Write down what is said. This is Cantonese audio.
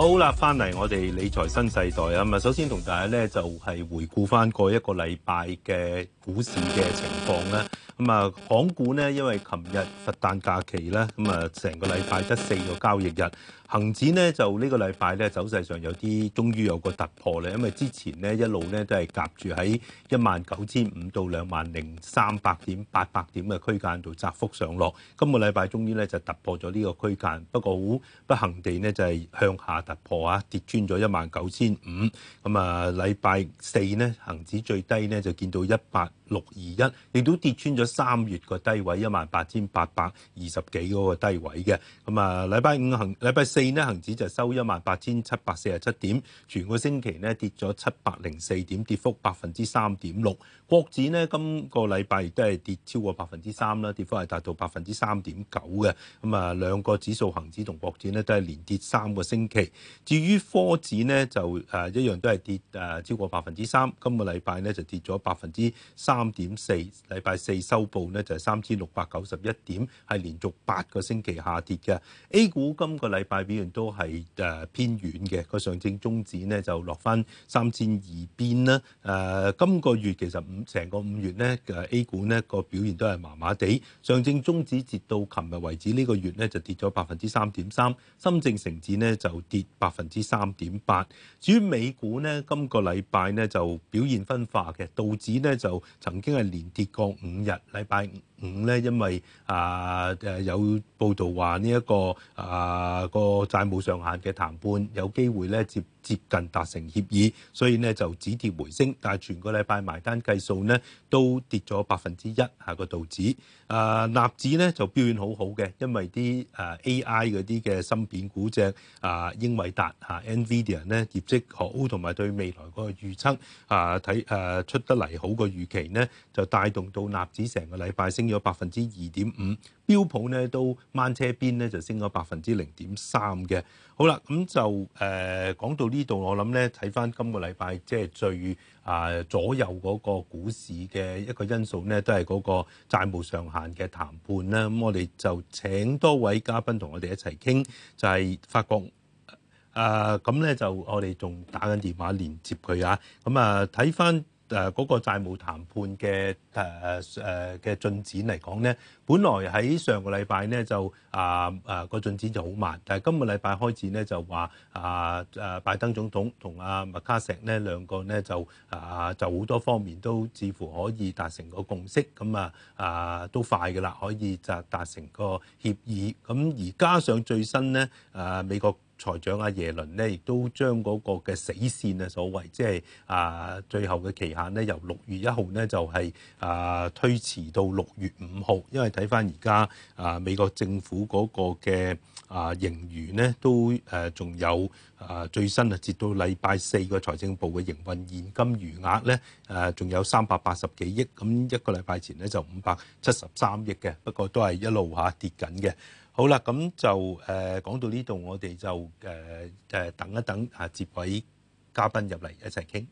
好啦，翻嚟我哋理財新世代啊！咁啊，首先同大家咧就係回顧翻過一個禮拜嘅股市嘅情況啦。咁啊，港、嗯、股咧，因為琴日佛誕假期啦，咁、嗯、啊，成個禮拜得四個交易日，恒指咧就呢個禮拜咧走勢上有啲，終於有個突破咧，因為之前咧一路咧都係夾住喺一萬九千五到兩萬零三百點、八百點嘅區間度窄幅上落。今個禮拜終於咧就突破咗呢個區間，不過好不幸地咧就係、是、向下突破啊，跌穿咗一萬九千五。咁、嗯、啊，禮拜四咧恒指最低咧就見到一八六二一，亦都跌穿咗。三月個低位一萬八千八百二十幾嗰個低位嘅，咁啊，禮拜五行，禮拜四呢，恒指就收一萬八千七百四十七點，全個星期呢，跌咗七百零四點，跌幅百分之三點六。國指呢，今個禮拜亦都係跌超過百分之三啦，跌幅係達到百分之三點九嘅。咁啊，兩個指數恒指同國指呢，都係連跌三個星期。至於科指呢，就誒一樣都係跌誒超過百分之三，今個禮拜呢，就跌咗百分之三點四，禮拜四收。收報就係三千六百九十一點，係連續八個星期下跌嘅。A 股今個禮拜表現都係誒偏軟嘅，個上證綜指呢就落翻三千二邊啦。誒、呃，今個月其實五成個五月呢，嘅 A 股呢個表現都係麻麻地，上證綜指截到琴日為止呢、呢個月呢，就跌咗百分之三點三，深證成指呢就跌百分之三點八。至於美股呢，今個禮拜呢就表現分化嘅，道指呢就曾經係連跌過五日。禮拜五咧，因為啊誒、呃、有報道話呢一個啊、呃、個債務上限嘅談判有機會咧接接近達成協議，所以呢就止跌回升。但係全個禮拜埋單計數呢都跌咗百分之一，下個道指。啊、呃、納指呢就表現好好嘅，因為啲啊、呃、AI 嗰啲嘅芯片股隻啊英偉達嚇、呃、Nvidia 呢業績好，同埋對未來個預測啊睇誒出得嚟好個預期呢，就帶動到納指。成個禮拜升咗百分之二點五，標普呢都掹車邊呢就升咗百分之零點三嘅。好啦，咁就誒講、呃、到呢度，我諗呢睇翻今個禮拜即係最啊、呃、左右嗰個股市嘅一個因素呢，都係嗰個債務上限嘅談判啦。咁我哋就請多位嘉賓同我哋一齊傾，就係、是、法國啊，咁、呃、咧就我哋仲打緊電話連接佢啊。咁啊，睇翻。誒嗰、啊那個債務談判嘅誒誒嘅進展嚟講咧，本來喺上個禮拜咧就啊啊個進展就好慢，但係今個禮拜開始咧就話啊誒、啊、拜登總統同阿、啊、麥卡錫呢兩個咧就啊就好多方面都似乎可以達成個共識，咁啊啊都快嘅啦，可以就達成個協議，咁而加上最新咧啊美國財長阿耶倫呢亦都將嗰個嘅死線啊，所謂即係啊，就是，最後嘅期限呢，由六月一號呢就係啊推遲到六月五號，因為睇返而家啊美國政府嗰個嘅啊盈餘呢，都誒仲有啊最新啊，截到禮拜四個財政部嘅營運現金餘額呢，誒仲有三百八十幾億，咁一個禮拜前呢，就五百七十三億嘅，不過都係一路下跌緊嘅。好啦，咁就誒、呃、講到呢度，我哋就誒誒、呃呃、等一等啊，接位嘉賓入嚟一齊傾。